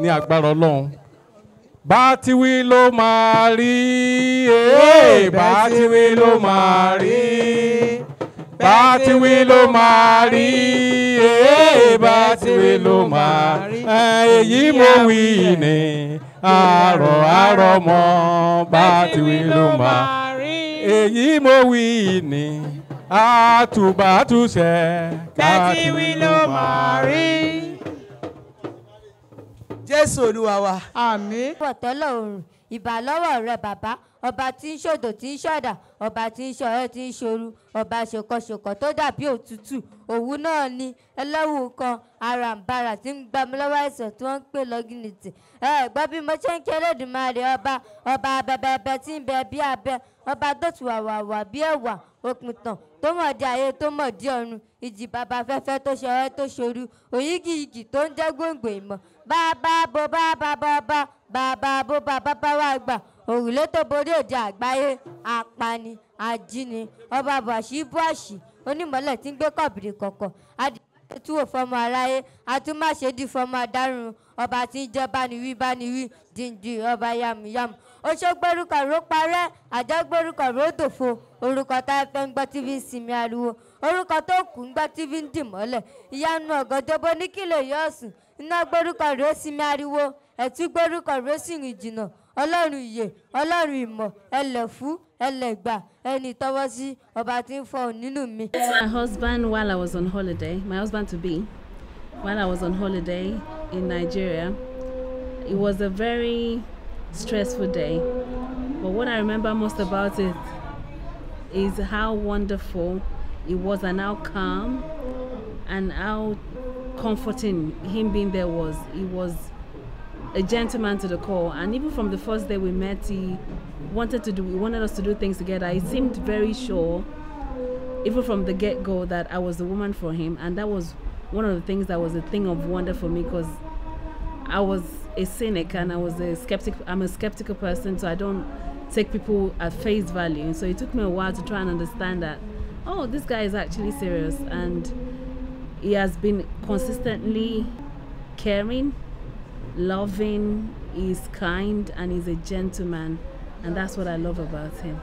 ní agbára ọlọ́run bá ti wí ló máa rí eh, bá ti wí ló máa rí bá ti wí ló máa rí eh, bá ti wí ló máa rí èyí mo wí ni àárọ̀ àárọ̀ mọ́ bá ti wí ló máa rí èyí mo wí ni àtùbàtùṣẹ́ káàkiri ló máa rí jésù olúwa wa. àmín. wọ̀tọ́lọ̀ oòrùn ìbà lọ́wọ́ rẹ bàbá ọba tí ń ṣòdò tí ń ṣọ̀dà ọba tí ń ṣọ̀rẹ́ tí ń ṣoru ọba ṣòkọṣòkọ tó dàbí òtútù òwú náà ni ẹlẹ́wù kan aràǹbarà tí ń gbami lọ́wọ́ ẹ̀sẹ̀ tí wọ́n ń pè lọ́gìnìtì ẹ gbọ́ bí mo ṣe ń kí Elédùmarè ọba ọba abẹbẹbẹ tí ń bẹ bí abẹ ọba tó tù wàwàwà bí ẹ̀wà òpìtàn tó mọ̀ di ayé tó mọ̀ di ọ̀run ìjì bàbá fẹ́fẹ́ tó ṣọ̀rẹ́ tó ṣoru òyìgì ìjì tó ń jẹ́ gbòǹgbò ìmọ̀ bá bá bo bá bá bá bá bàbá bóbá bàbá wa gbà òrùlé tó borí òde àgbáyé apani ajíni ọba bàṣí bọ́ọ̀ṣì onímọ̀lẹ̀ tí ń gbé kọ̀bìrì kọ̀kọ̀ adìyẹ fọmọ aráyé atúmáṣe di fọmọ adárun ọba tí ń jẹ́ bániwí bániwí díndín ọba yamuyamu oṣogbórúkọ ló parẹ́ àjọgbórúkọ ló dòfo orúkọ tá a fẹ́ ń gbọ́ tí fi ń sinmi ariwo orúkọ tó kù ń gbọ́ tí fi ń dì mọ́lẹ̀ ìyanu ọ̀gọ́dọ́bọ ní kìlọ̀ yọ̀ọ̀sùn iná gbórúkọ ló sinmi ariwo ẹ̀tí gbórúkọ rẹ́sìnrìn jìnnà ọlọ́run ìyè ọlọ́run ìmọ̀ ẹlẹ́fú ẹlẹ́gbà ẹni tọwọ́ sí ọba tí ń fọ nínú mi. my husband while I was on holiday my husband to be while I was on holiday in Nigeria it was a very stressful day but what I remember most about it is how wonderful it was and how calm and how comforting him being there was. It was a gentleman to the core. And even from the first day we met, he wanted to do, he wanted us to do things together. He seemed very sure, even from the get go, that I was the woman for him. And that was one of the things that was a thing of wonder for me because I was a cynic and I was a skeptic. I'm a skeptical person, so I don't take people at face value. so it took me a while to try and understand that. Oh, this guy is actually serious, and he has been consistently caring loving, he's kind, and he's a gentleman. And that's what I love about him.